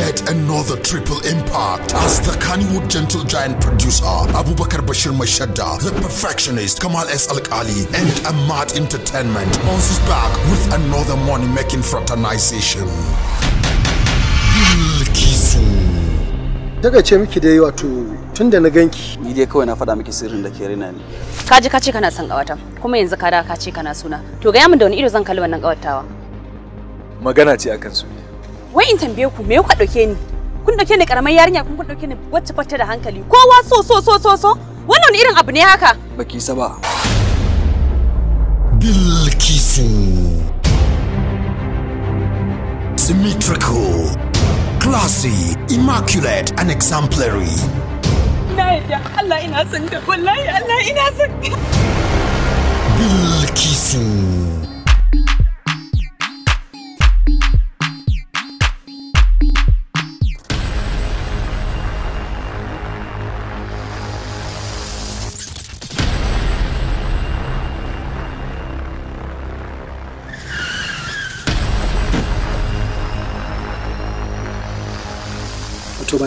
yet another triple impact as the Kannywood Gentle Giant producer Abubakar Bashir Mashadda, The Perfectionist Kamal S. al Ali, and Ahmad Entertainment bounces back with another money-making fraternization. daga ce miki yi wato tun da na ganki ni dai kawai na faɗa miki sirrin da ke rina ni kaji kace ka ce kana son ƙawata kuma yanzu ka da ka ce kana suna to ga yamin da wani ido zan kalli wannan kawatawa magana ce akan su wai in tambaye ku me kuka dauke ni kun dauke ni karamar yarinya kun dauke ni wacce fata da hankali kowa so so so so so wannan irin abu ne haka baki saba Bilkisu Symmetrical Classy Immaculate and Exemplary Na yadda Allah ina son da wallahi Allah ina son Bilkisu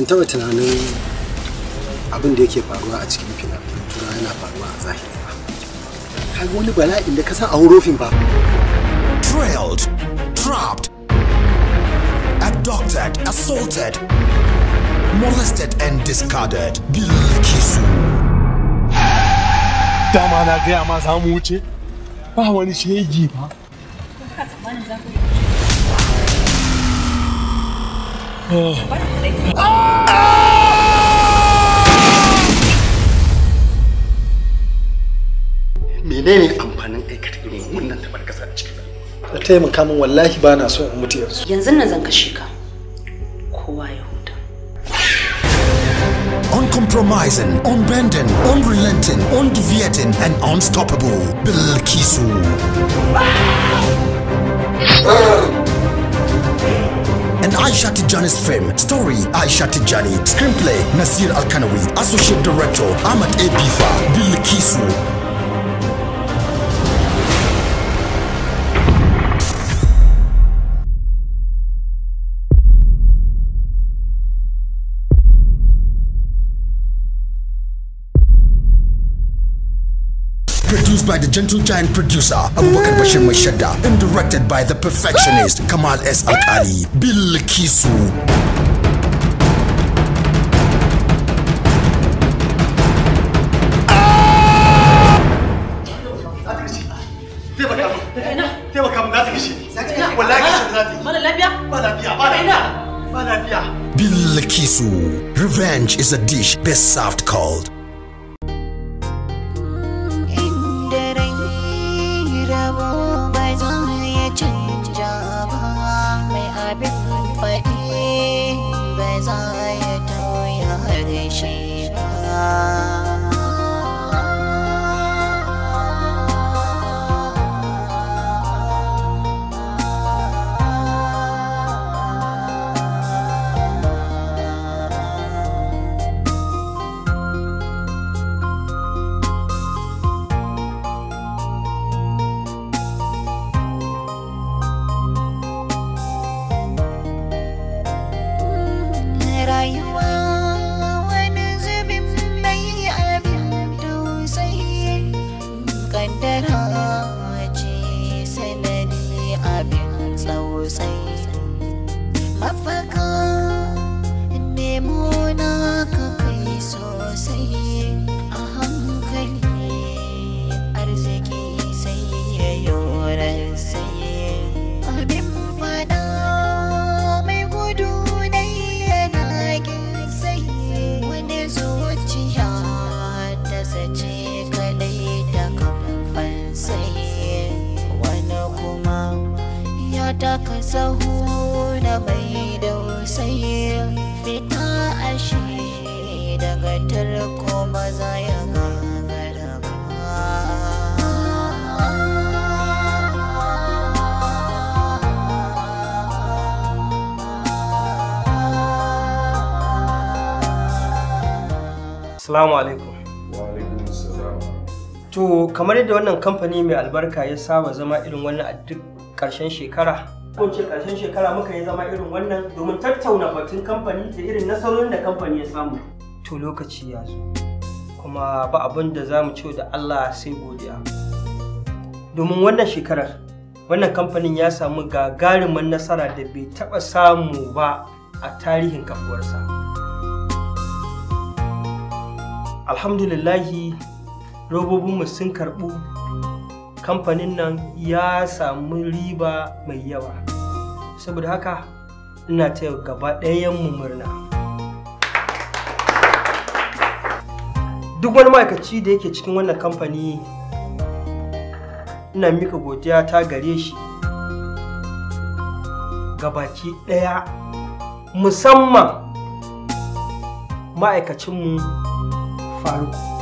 ban taɓa tunanin abin da yake faruwa a cikin fina-finan tura yana faruwa a zahiri ba kaga wani bala'in da ka san a rufin ba trailed trapped abducted assaulted molested and discarded bilkisu dama na gaya ma za mu wuce ba wani shegi ba Oh. Menene amfanin aikata irin wannan tabarkasa a cikin al'umma? Ka taimaka min wallahi ba na so in mutu yanzu. Yanzu nan zan kashe ka. Kowa ya huta. Uncompromising, unbending, unrelenting, undeviating and unstoppable. Bilkisu. Ah! and Aisha Tijani's fame. Story Aisha Tijani. Screenplay Nasir Al Associate Director Ahmad Abifa. Bill Kisu. produced by the gentle giant producer Abubakar Bashir Mashadda and directed by the perfectionist Kamal S. Alkali, Bill Kisu. kisu Revenge is a dish best served cold. sahu da mai dausayi fita ashe daga tarko maza ya alaikum. To kamar yadda wannan kamfani mai albarka ya saba zama irin wannan a duk ƙarshen shekara ko ce ƙarshen shekara muka yi zama irin wannan domin tattauna batun kamfani da irin nasarorin da kamfani ya samu to lokaci ya zo kuma ba abin da za mu ce da Allah sai godiya domin wannan shekarar wannan kamfanin ya samu gagarumin nasara da bai taɓa samu ba a tarihin kafuwarsa alhamdulillahi robobinmu sun karɓu kamfanin nan ya samu riba mai yawa saboda haka ina ta gaba ɗayan mu murna duk wani ma'aikaci da yake cikin wannan kamfani ina mika godiya ta gare shi gabaki ɗaya musamman ma'aikacinmu faruku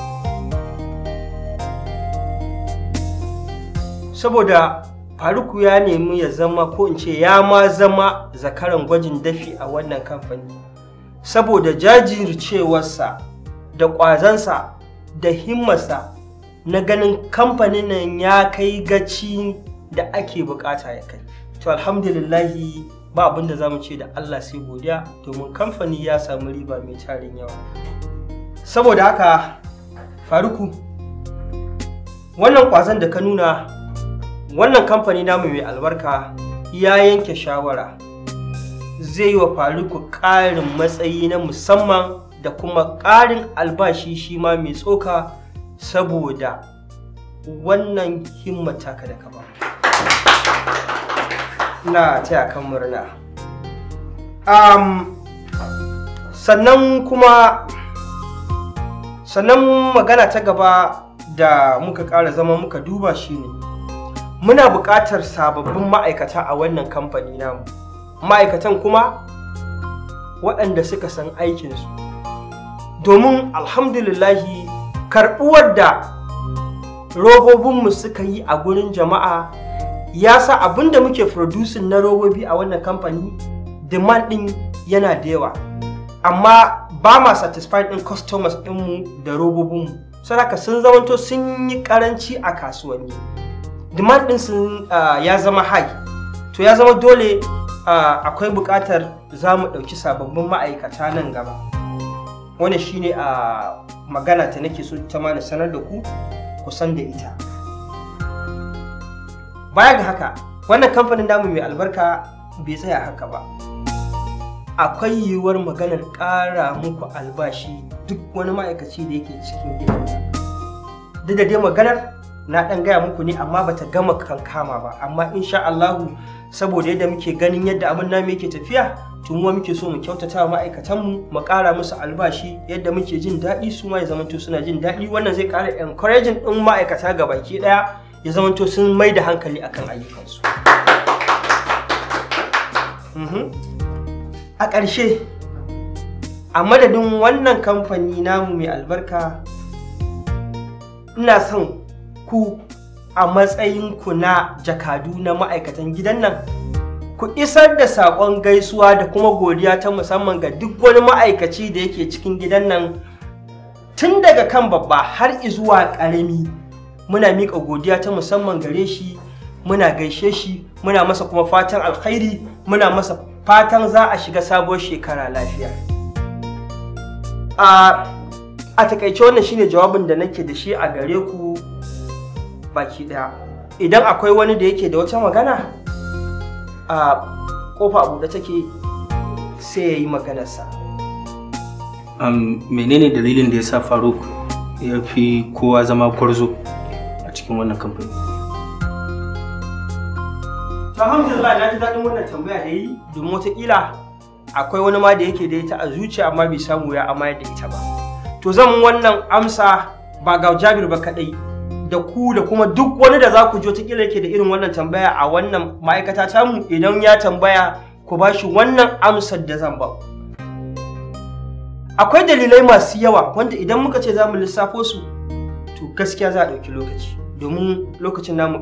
saboda faruku ya nemi ya zama ko in ce ya ma zama zakaran gwajin dafi a wannan kamfani saboda jajircewarsa da ƙwazansa da himmarsa na ganin kamfanin nan ya kai gaci da ake bukata ya kai to alhamdulillahi ba abin da za ce da allah sai godiya domin kamfani ya samu riba mai tarin yawa saboda haka faruku wannan ƙwazon da ka nuna wannan kamfani namu mai albarka ya yanke shawara zai yi wa faruku ƙarin matsayi na musamman da kuma ƙarin albashi shi ma mai tsoka saboda wannan himmata ka da ka na taya kan murna um, sannan kuma sannan magana ta gaba da muka ƙara zama muka duba shine muna buƙatar sababbin ma'aikata a wannan kamfani namu ma'aikatan kuma waɗanda suka san aikinsu domin alhamdulillahi karɓuwar da robobinmu suka yi a gurin jama'a ya sa abin da muke producing na robobi a wannan kamfani demand ɗin yana da yawa amma ba ma satisfied ɗin customers ɗinmu da robobinmu saboda sun zamanto sun yi ƙaranci a kasuwanni demand din sun ah, ya zama high to ya zama dole ah, akwai buƙatar za mu ɗauki sababbin ma'aikata nan gaba wani shine a ah, magana ta nake so ta mana sanar da ku kusan da ita baya ga haka wannan kamfanin namu mai albarka bai tsaya haka ba akwai yiwuwar maganar ƙara muku albashi duk wani ma'aikaci da yake cikin gidan da dai maganar na ɗan gaya muku ne amma bata gama kan kama ba amma insha Allahu saboda yadda muke ganin yadda abin namu yake tafiya tun wa muke so mu kyautata wa ma'aikatanmu mu mu ƙara musu albashi yadda muke jin daɗi su ma ya zamanto suna jin daɗi wannan zai ƙara encouraging ɗin ma'aikata ga baki ɗaya ya zamanto sun mai da hankali akan ayyukansu. Mhm. A ƙarshe a madadin wannan kamfani namu mai albarka ina son ku a matsayinku na jakadu na ma'aikatan gidan nan ku isar da saƙon gaisuwa da kuma godiya ta musamman ga duk wani ma'aikaci da yake cikin gidan nan tun daga kan babba har zuwa ƙarami muna mika godiya ta musamman gare shi muna gaishe shi muna masa kuma fatan alkhairi muna masa fatan za a shiga sabuwar shekara lafiya a takaice wannan shine jawabin da nake da shi a gare ku baki daya idan akwai wani da yake da wata magana a kofa a buɗe take sai ya yi maganarsa um, menene dalilin da ya sa faruk ya fi kowa zama gwarzo a cikin wannan kamfani alhamdulillah na ji daɗin wannan tambaya da yi domin watakila akwai wani ma da yake da ita a zuciya amma bai samu ya amayar da ita ba to zan wannan amsa ba ga jabir ba kaɗai da ku da kuma duk wani da za ku ji wataƙila yake da irin wannan tambaya a wannan ma'aikata tamu idan ya tambaya ku ba shi wannan amsar da zan ba akwai dalilai masu yawa wanda idan muka ce za mu lissafo su to gaskiya za a ɗauki lokaci domin lokacin namu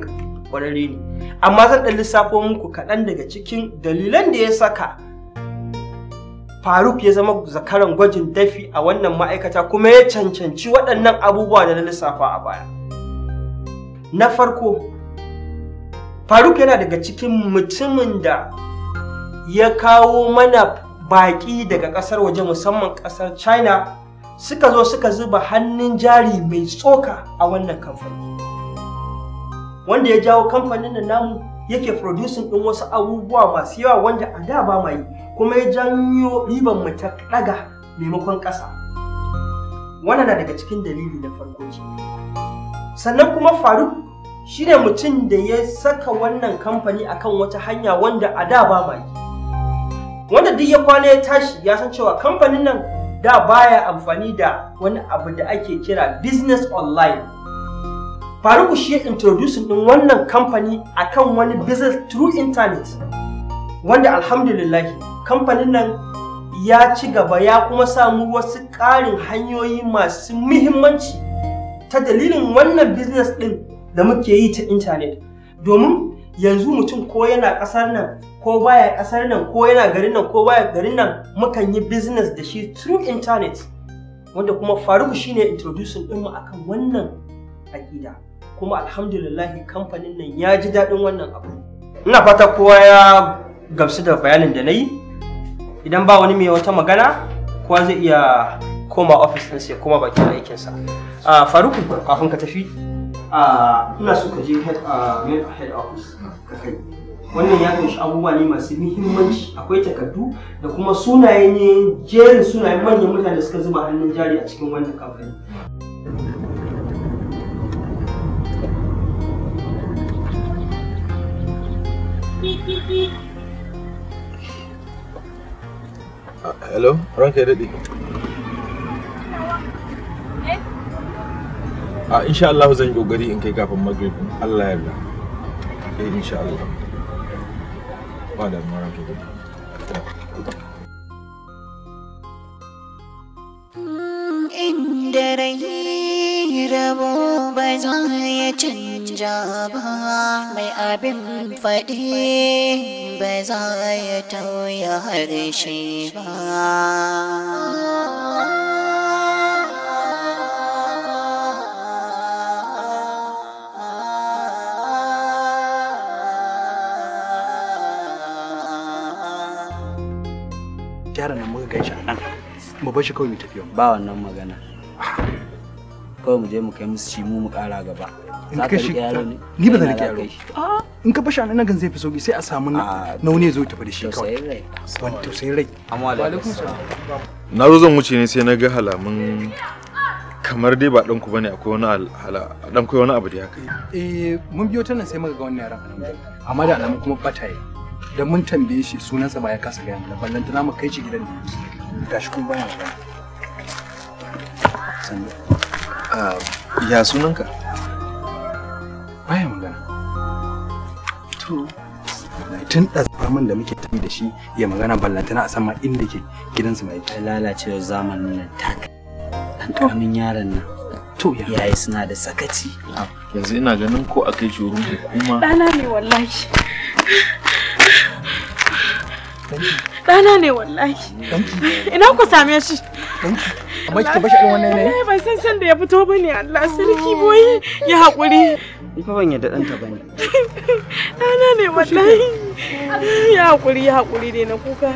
ƙwararre ne amma zan ɗan lissafo muku kaɗan daga cikin dalilan da ya saka faruk ya zama zakaran gwajin dafi a wannan ma'aikata kuma ya cancanci waɗannan abubuwa da na lissafa a baya na farko faruk yana daga cikin mutumin da ya kawo mana baƙi daga ƙasar waje musamman ƙasar china suka zo suka zuba hannun jari mai tsoka a wannan kamfani wanda ya jawo kamfanin da namu yake producing din wasu abubuwa masu yawa wanda a da ba mai kuma ya janyo riban mu ta ɗaga maimakon ƙasa wannan na daga cikin dalili na farko ce sannan kuma faruk shi ne mutum da ya saka wannan kamfani akan wata hanya wanda a da ba ma yi wanda duk ya kwana ya tashi ya san cewa kamfanin nan da baya amfani da wani abu da ake kira business online faruku shi ya introduce din wannan kamfani akan wani business through internet wanda alhamdulillahi kamfanin nan ya ci gaba ya kuma samu wasu ƙarin hanyoyi masu muhimmanci ta dalilin wannan business din da muke yi ta intanet domin yanzu mutum ko yana kasar nan ko baya kasar nan ko yana garin nan ko baya garin nan mukan yi business da shi through internet wanda kuma faruku shine introducing ɗinmu akan wannan aƙida kuma alhamdulillah kamfanin nan ya ji daɗin wannan abu ina fata kowa ya gamsu da bayanin da na yi idan ba wani mai wata magana kowa zai iya koma ofis ɗin ya koma bakin aikinsa a ah, faruku kafin ka tafi ah, ina so ka je ah, head office ka kai wannan ya kunshi abubuwa ne masu muhimmanci akwai takardu da kuma sunaye ne jerin sunayen manyan mutane da suka zuba hannun jari a cikin wannan kamfani Hello, ranka ya daɗe. a insha Allah zan yi kokari in kai kafin maghrib Allah ya yarda eh insha Allah ba da mara to inda rai rabo ba za ya canja ba mai abin faɗi ba za ya tauya harshe ba ɗauki yaron nan muka gan shi a nan mu bar shi kawai mu tafi ba wannan magana kawai mu je mu kai musu shi mu mu kara gaba za ka shi ni ba zan rike yaro ah. in ka bashi a nan gan zai fi sauki sai a samu na ya ah, zo tafi da shi kawai wani tausayin rai amma alaikum na zo zan wuce ne sai na ga halamun kamar dai ba ɗanku bane akwai wani hala ɗan wani abu da ya kai eh mun biyo ta nan sai muka ga wannan yaran amma da alamu kuma bataye da mun tambaye shi sunansa ba ya kasa gaya mana ballan tana mu kai shi gidan da yake gashi kuma baya magana ah, ya sunanka baya magana to tun da zaman da muke tafi da shi ya magana tana a sama inda ke gidansa mai ta lalacewa zamanin nan tak Dan ƙaramin yaron nan to yayi suna da sakaci ah, yanzu ina ganin ko a kai shi wurin hukuma ɗana ne wallahi Dana ne wallahi. Ina ku same shi. Amma kike bashi irin wannan ne? Ban san san da ya fito bane Allah sarki boye ya haƙuri. Ya haƙuri ya haƙuri dai na kuka.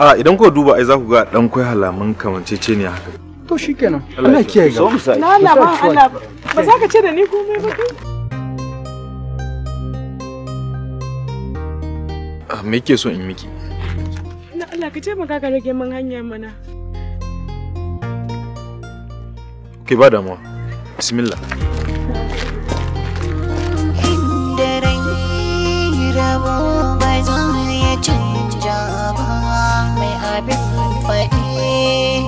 A idan ku duba ai za ku ga dan kai halamun kamanceceniya haka. To shikenan. Allah kiyaye ga. ba Allah ba za ka ce da ni komai ba ah, me ke so in miki dan Allah ka taimaka ka rage min hanyar mana ke ba damuwa bismillah Bye. Uh -huh. ya mai abin faɗi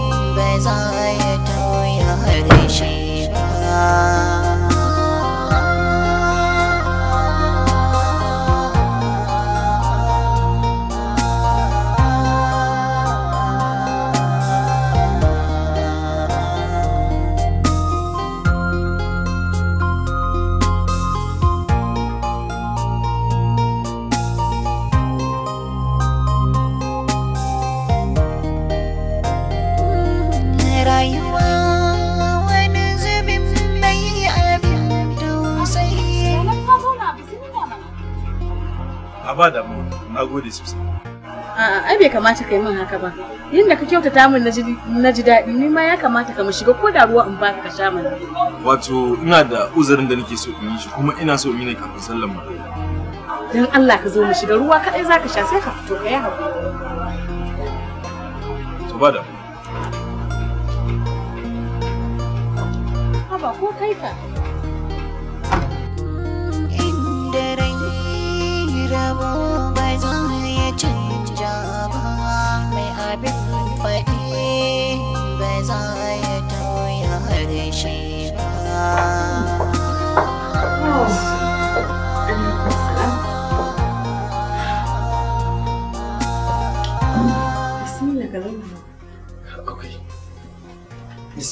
harshe ba ba da mu na gode sosai a'a ai bai kamata kai min haka ba yadda ka kyautata min na ji daɗi ni ma ya kamata ka mu shiga ko da ruwa in ba ka sha mana wato ina da uzurin da nake so in yi shi kuma ina so in yi ne kafin sallan mu dan Allah ka zo mu shiga ruwa kadai zaka sha sai ka fito ka yi hakuri to ba da ba ko kai ka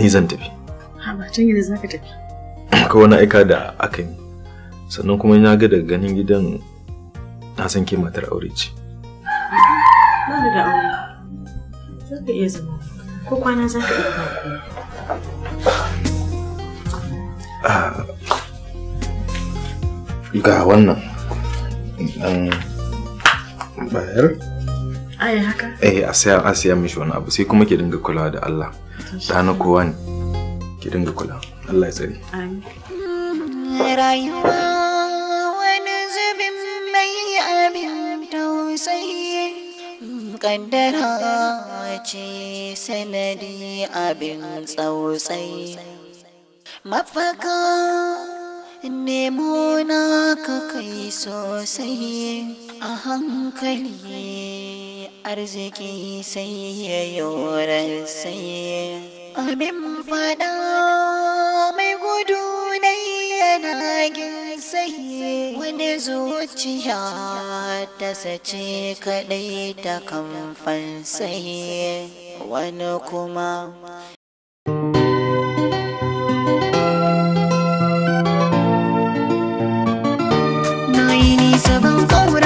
ni zan tafi ba can yanzu za ka tafi akwai wani aika da aka yi sannan kuma na ga daga ganin gidan na san ke matar aure ce ba da da aure za ka iya zama ko kwana za ka iya ba ah, ga wannan dan bayar ai haka eh a siya mishi wani abu sai kuma ke dinga kulawa da Allah ɗana kowa ne ki dinga kula Allah ya tsare rayuwa wani zubin mai abin tausayi kaddara ce sanadi abin tsautsayi mafaka nemo na ka kai sosai a hankali arziki sai ya yi sai abin fada mai gudu na yana sai wani zuciya ta sace kadai ta kamfan sai wani kuma na yi nisa kawai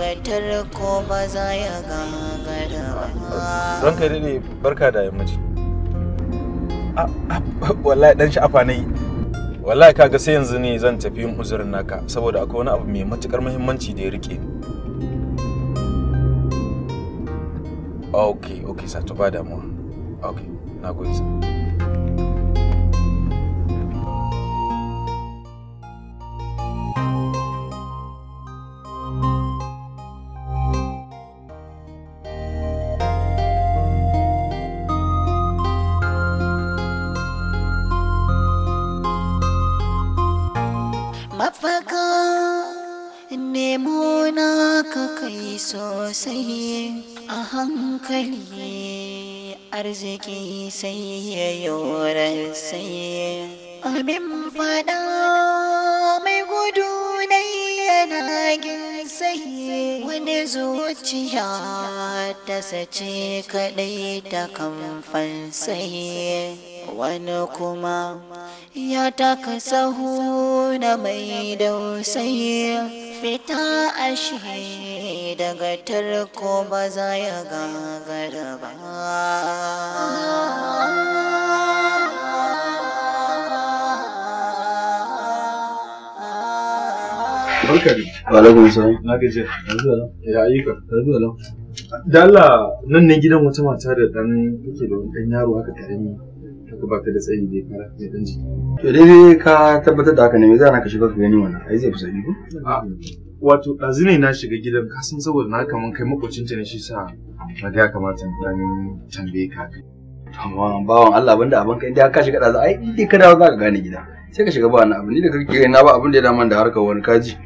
gatar ko ba za ya gagara ranka daɗe barka da yammaci wallahi dan sha'afa na yi wallahi kaga sai yanzu ne zan tafi yin uzurin naka saboda akwai wani abu mai matukar muhimmanci da ya rike ok ok sato ba damuwa ok na gode hankali arziki sai ya yoran sai abin faɗa mai gudu na yana sai wani zuciya ta sace kaɗai ta kamfan sai wani kuma ya taka sahu na mai dausayi fita ashe daga tarko ba za ya gagara ba. barka da walaikun salam na gaje ya ayyuka lafiya lau da Allah nan ne gidan wata mata da dan yake da wani dan yaro haka karami haka ba ta da tsayi dai fara ne dan ji to dai ka tabbatar da haka ne me za na ka shiga ka gani wannan ai zai fi sabi ko wato ɗazu ne na shiga gidan kasan saboda na kaman kai ta ne shi sa na ga kamata dan tambaye ka amma bawan Allah banda abin kai da ka shiga ɗazu ai in ka dawo za ka gane gida sai ka shiga ba wani abu ni da kake na ba abin da ya dama da harkar wani kaji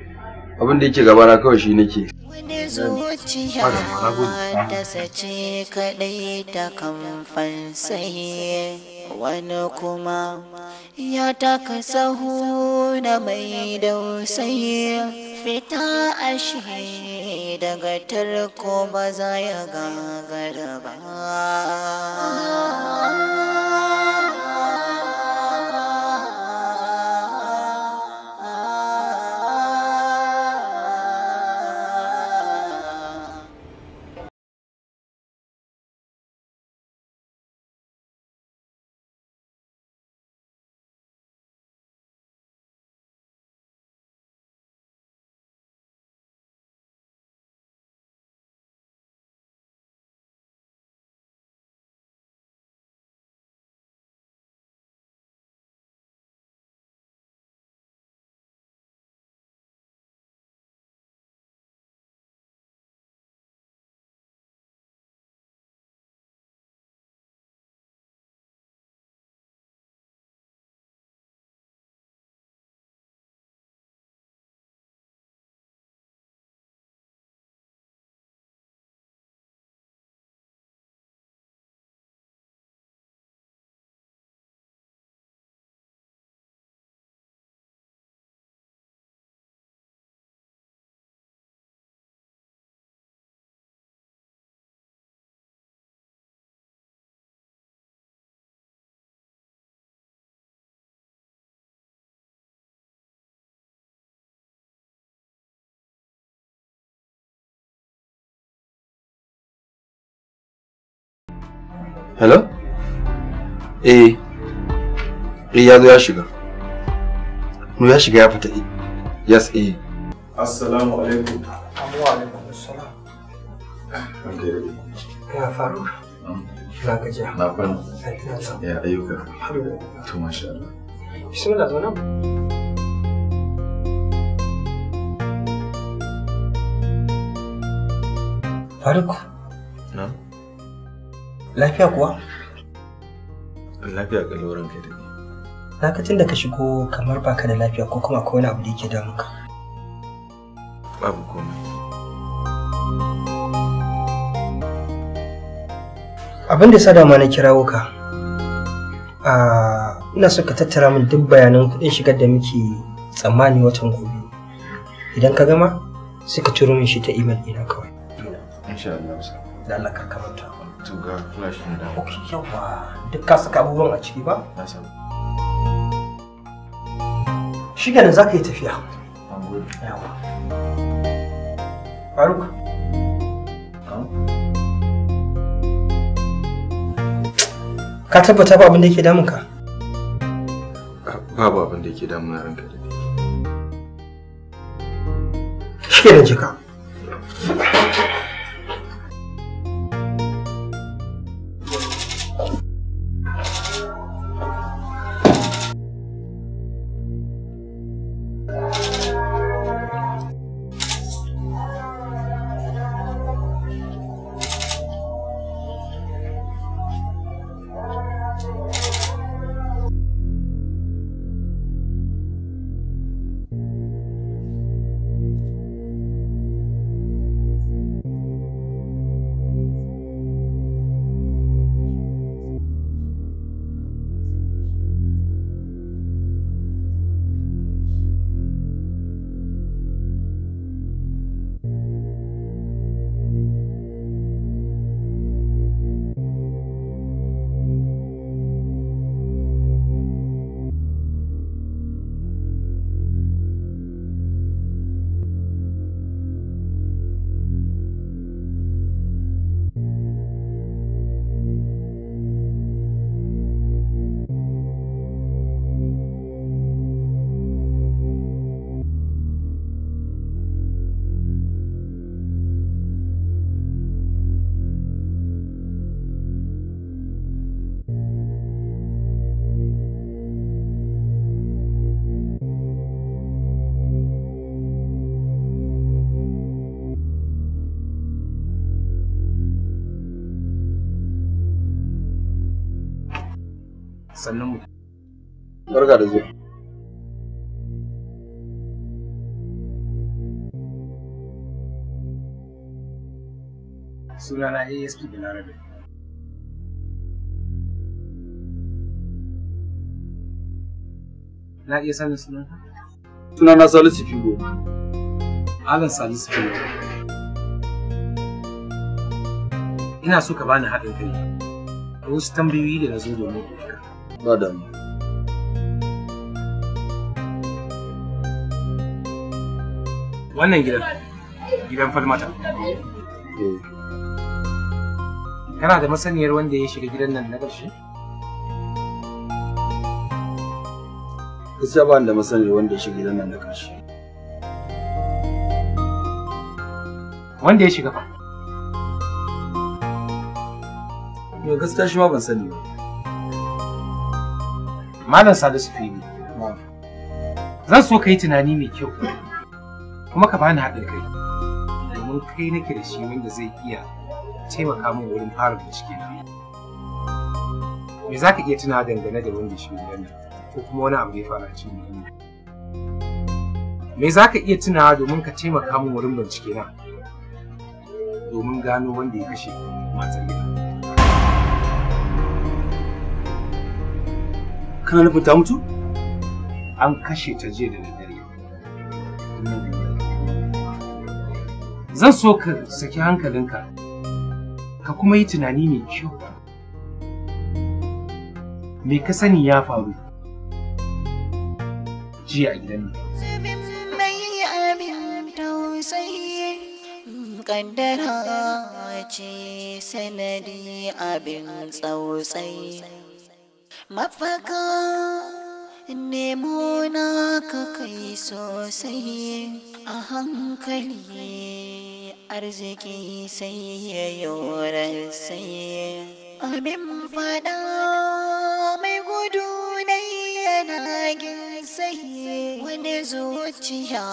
abin da yake gabana kawai shi nake zuciya sace kamfan wani kuma ya taka sahu na mai dausayi Fita ashe daga tarko ba za ya gagara ba hello eh eh ya zo ya shiga mu ya shiga ya fita yes eh assalamu alaikum wa alaikum assalam ya faru na hmm. gajiya na kwana ya ayyuka to masha Allah bismillah zo nan Faruk, Lafiya kuwa? Lafiya ƙalau kai da ni. Lokacin da ka shigo kamar baka da lafiya ko kuma akwai wani abu da yake damunka. Babu komai. Abin da ya sa dama na kirawo ka. ina so ka tattara min duk bayanan kuɗin shigar da muke tsammani watan gobe. Idan ka gama, sai ka turo min shi ta imel ina kawai. Insha Allah. Da Allah ka to ga flash din da ok yawa duk ka saka abubuwan a ciki ba na shi ganin za ka yi tafiya faruk ka tabbata ba abin yake damun ka babu jika sannan mu barka da zuwa sunana asp balarabe na iya sanin sunanka sunana salisu figo alan salisu figo ina so ka bani haɗin kai da wasu tambayoyi da na zo domin ka ba damu wannan gidan gidan falmata eh. kana da masaniyar wanda ya shiga gidan nan na ƙarshe? gaskiya ba da masaniyar wanda ya shiga gidan nan na ƙarshe wanda ya shiga ba gaskiya shi ma ban sani ba Malam Salisu Fili. Zan so ka yi tunani mai kyau kuma ka bani haɗin kai domin kai nake da shi wanda zai iya taimaka min wurin fara bincike na. Me za ka iya tuna dangane da wanda shi nan ko kuma wani abu ya fara cikin gidan Me za ka iya tunawa domin ka taimaka min wurin bincike na domin gano wanda ya kashe matar kana nufin ta mutu an kashe ta jiya da daddare zan so ka saki hankalinka ka kuma yi tunani mai kyau me ka sani ya faru jiya a gidan Kaddara ce sanadi abin tsautsai. mafaka nemo na ka kai sosai a hankali arziki sai ya wurin sai abin fada mai gudu na yana sai wani zuciya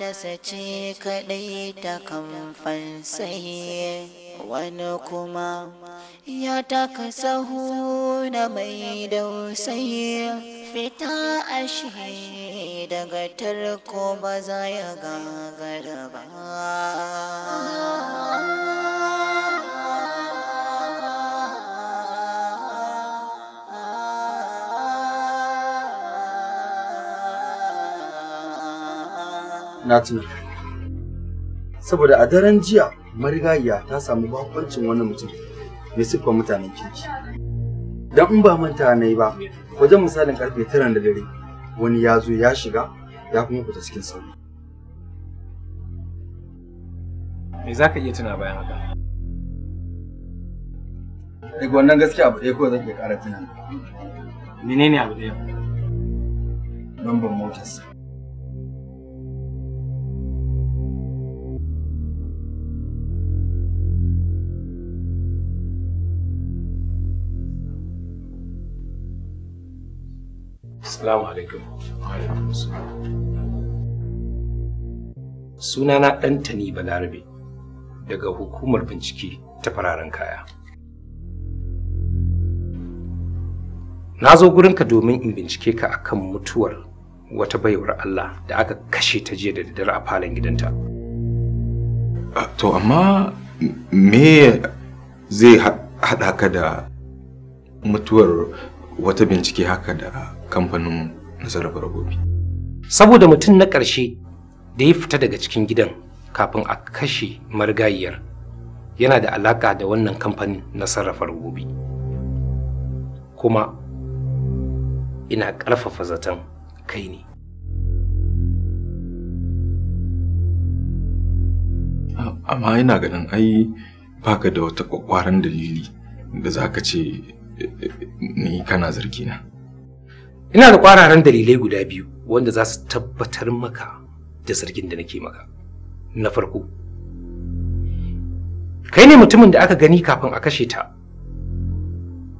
ta sace kadai ta kamfan sai wani kuma ya taka sahu na mai dausayi fita ashe daga tarko ba za ya gagara ba na saboda a daren jiya Marigayya ta samu bakoncin wani mutum mai siffar mutanen kirki dan in ba manta na yi ba wajen misalin karfe tara da dare wani ya zo ya shiga ya kuma fita cikin sauri me za ka iya tuna bayan haka daga wannan gaskiya abu ɗaya kawai zan iya ƙara tuna menene abu ɗaya lambar motarsa Assalamu alaikum. Sunana tani Balarabe daga hukumar bincike ta fararen kaya. Na zo gurinka domin in bincike ka akan mutuwar wata baiwar Allah da aka kashe ta jiya da daddare a falon gidanta. Ah, to amma me zai haɗa ka da mutuwar wata bincike haka da kamfanin na sarrafa rabobi saboda mutum na ƙarshe da ya fita daga cikin gidan kafin a kashe marigayiyar yana da alaƙa da wannan kamfanin na sarrafa rabobi kuma ina ƙarfafa zaton kai ne amma ina ganin ai baka da wata kwakwaran dalili da za ka ce eh, eh, eh, ni kana zargina ina da kwararen dalilai guda biyu wanda za su tabbatar maka da zargin da nake maka na farko kai ne mutumin da aka gani kafin a kashe ta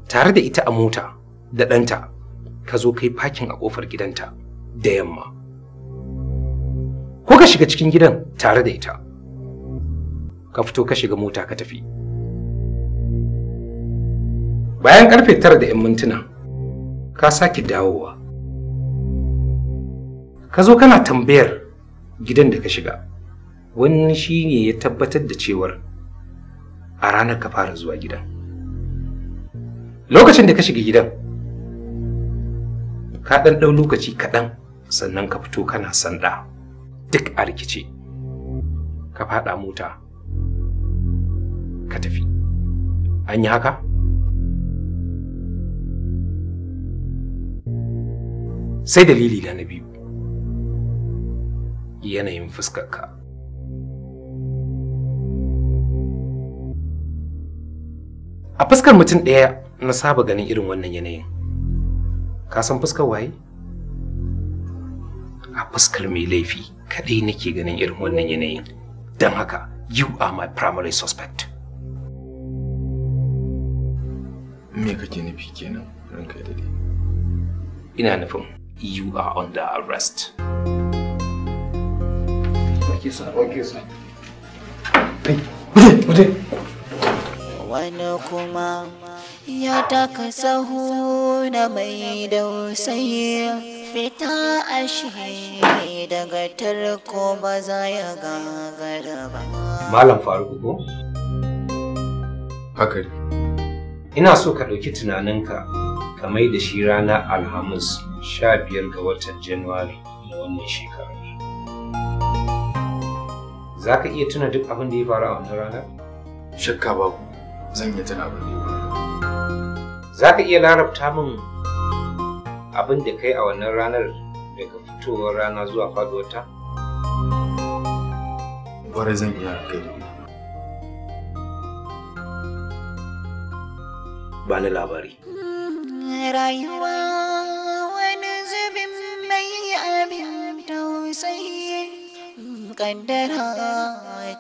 tare da ita a mota da ɗanta ka zo kai fakin a ƙofar gidanta da yamma ko ka shiga cikin gidan tare da ita ka fito ka shiga mota ka tafi bayan karfe tara da 'yan mintuna ka sake dawowa ka zo kana tambayar gidan da ka shiga wannan shi ne ya tabbatar da cewar a ranar ka fara zuwa gidan lokacin da ka shiga gidan ka ɗan ɗau lokaci kaɗan sannan ka fito kana sanda duk a rikice ka faɗa mota ka tafi an yi haka sai dalili da na biyu yanayin fuskarka a fuskar mutum ɗaya na saba ganin irin wannan yanayin ka san fuskar waye a fuskar mai laifi kaɗai nake ganin irin wannan yanayin don haka you are my primary suspect me kake nufi kenan ranka da ina nufin you are under arrest. Okay, sir. Okay, sir. Hey, Wani kuma ya taka sahu na mai fita ashe daga tarko ba za ya gagara ba. Malam Faruku ko? Haka Ina so ka ɗauki tunaninka ka mai da shi rana Alhamis. sha biyar ga watan Januwari na wannan shekarar. Za ka iya tuna duk abin da ya faru a wannan ranar? Shakka babu, zan iya tuna abin da ya faru. Za ka iya larabta min abin da kai a wannan ranar daga fitowar rana zuwa faduwar ta? Kwarai zan iya kai da Ba ni labari. Rayuwa kaddara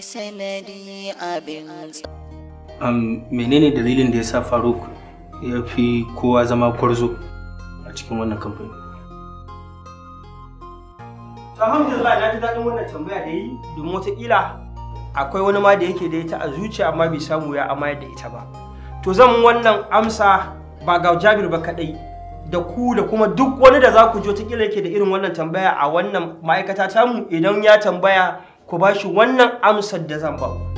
sanadi menene dalilin da ya sa faruk ya fi kowa zama kwarzo a cikin wannan kamfani na ji daɗin wannan tambaya da yi domin wataƙila akwai wani ma da yake da ita a zuciya amma bai samu ya amayar da ita ba to zan wannan amsa ba ga jabir ba kaɗai da ku da kuma duk wani da za ku jo kila yake da irin wannan tambaya a wannan ma'aikata tamu idan ya tambaya ku ba shi wannan amsar da zan ba ku.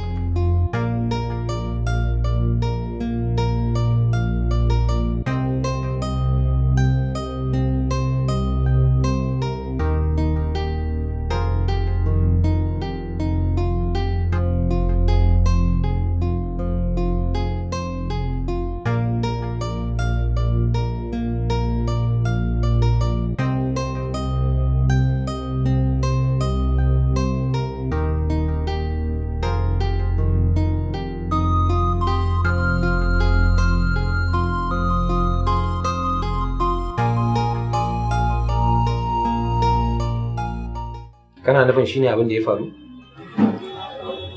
kana nufin shine abin da ya faru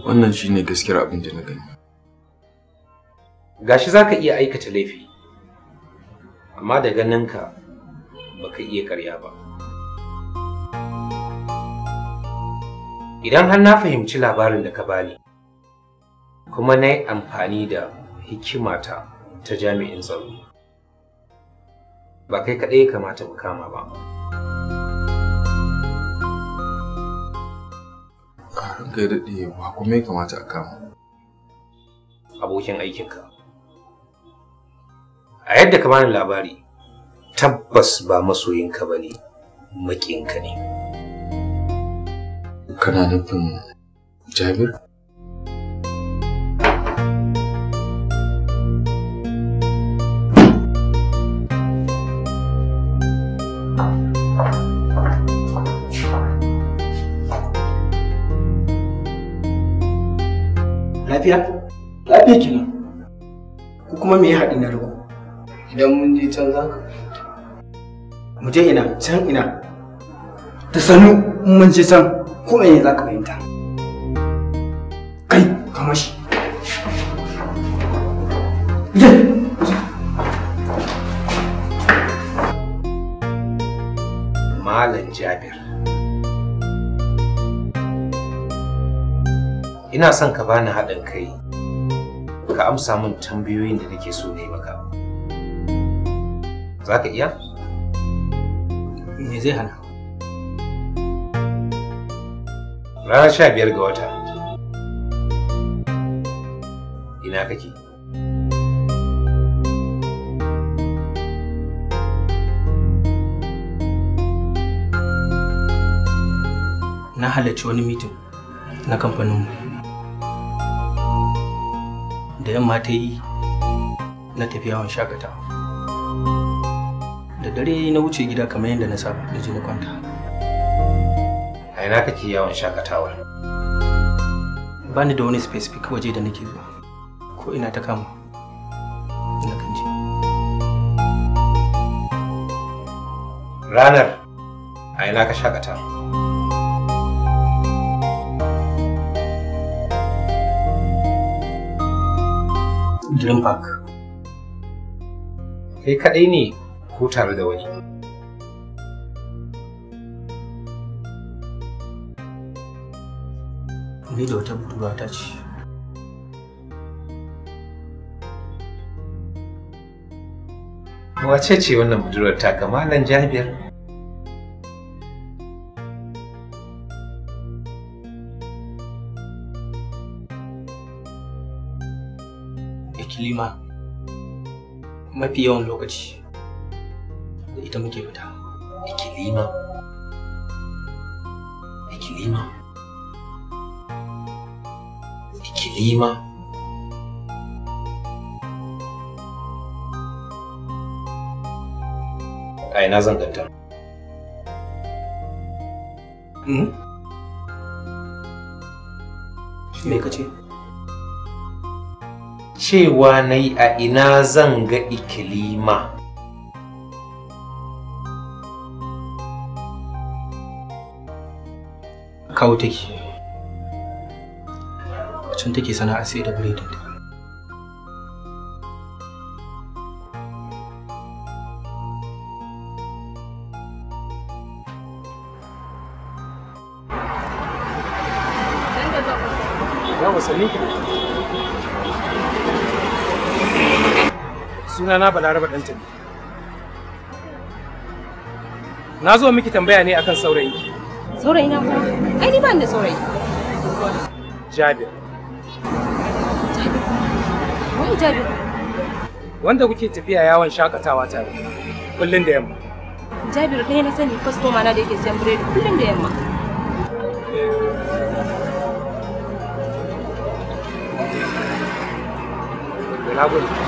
wannan shine gaskiyar abin da na gani gashi zaka iya aikata laifi amma da ganinka baka iya karya ba idan har na fahimci labarin da ka bani kuma na yi amfani da hikimata ta jami'in tsaro ba kai kaɗai ya kamata mu kama ba. ranka ya daɗe ba kuma ya kamata a kama. Abokin aikinka. A yadda ka bani labari, tabbas ba masoyinka ba ne, maƙinka ne. Kana nufin Jabir? ɗaya nan ko kuma me ya haɗi na rubu idan mun je can za ka mu je ina can ina da sanu mun je can ko me za ka fahimta kai kamar shi Malam Jabir. Ina son ka bani haɗin kai ka amsa min tambayoyin da nake so na yi maka. Za ka iya? Me zai hana? Ranar sha biyar ga wata. Ina kake? Na halarci wani mitin na kamfaninmu. da yamma ta yi na tafi yawon shakatawa da dare na wuce gida kamar yadda na saba da na kwanta a ina kake yawon shakatawa ba ni da wani specific waje da nake zuwa ko ina ta kama na kan je ranar a ina ka shakata Dream Park. Kai kaɗai ne ko tare da wani? Ni da wata budurwa ta ce. Wace ce wannan budurwar ta kamalan jabiyar? Halima mafi yawan lokaci da ita muke fita. Ikilima? Ikilima? Ikilima? A ina zan ganta? Hmm? Me ka ce? cewa na yi a ina zan ga ikilima kawo take can take sana'a sai da biredin ta Vamos, sunana balaraba ɗan tabi na zo miki tambaya ne akan saurayi saurayi na kuma ai ni ni da saurayi jabir wani jabir wanda kuke tafiya yawon shakatawa tare kullum da yamma jabir ɗaya na sani kwastoma na da yake siyan biredi kullum da yamma na gode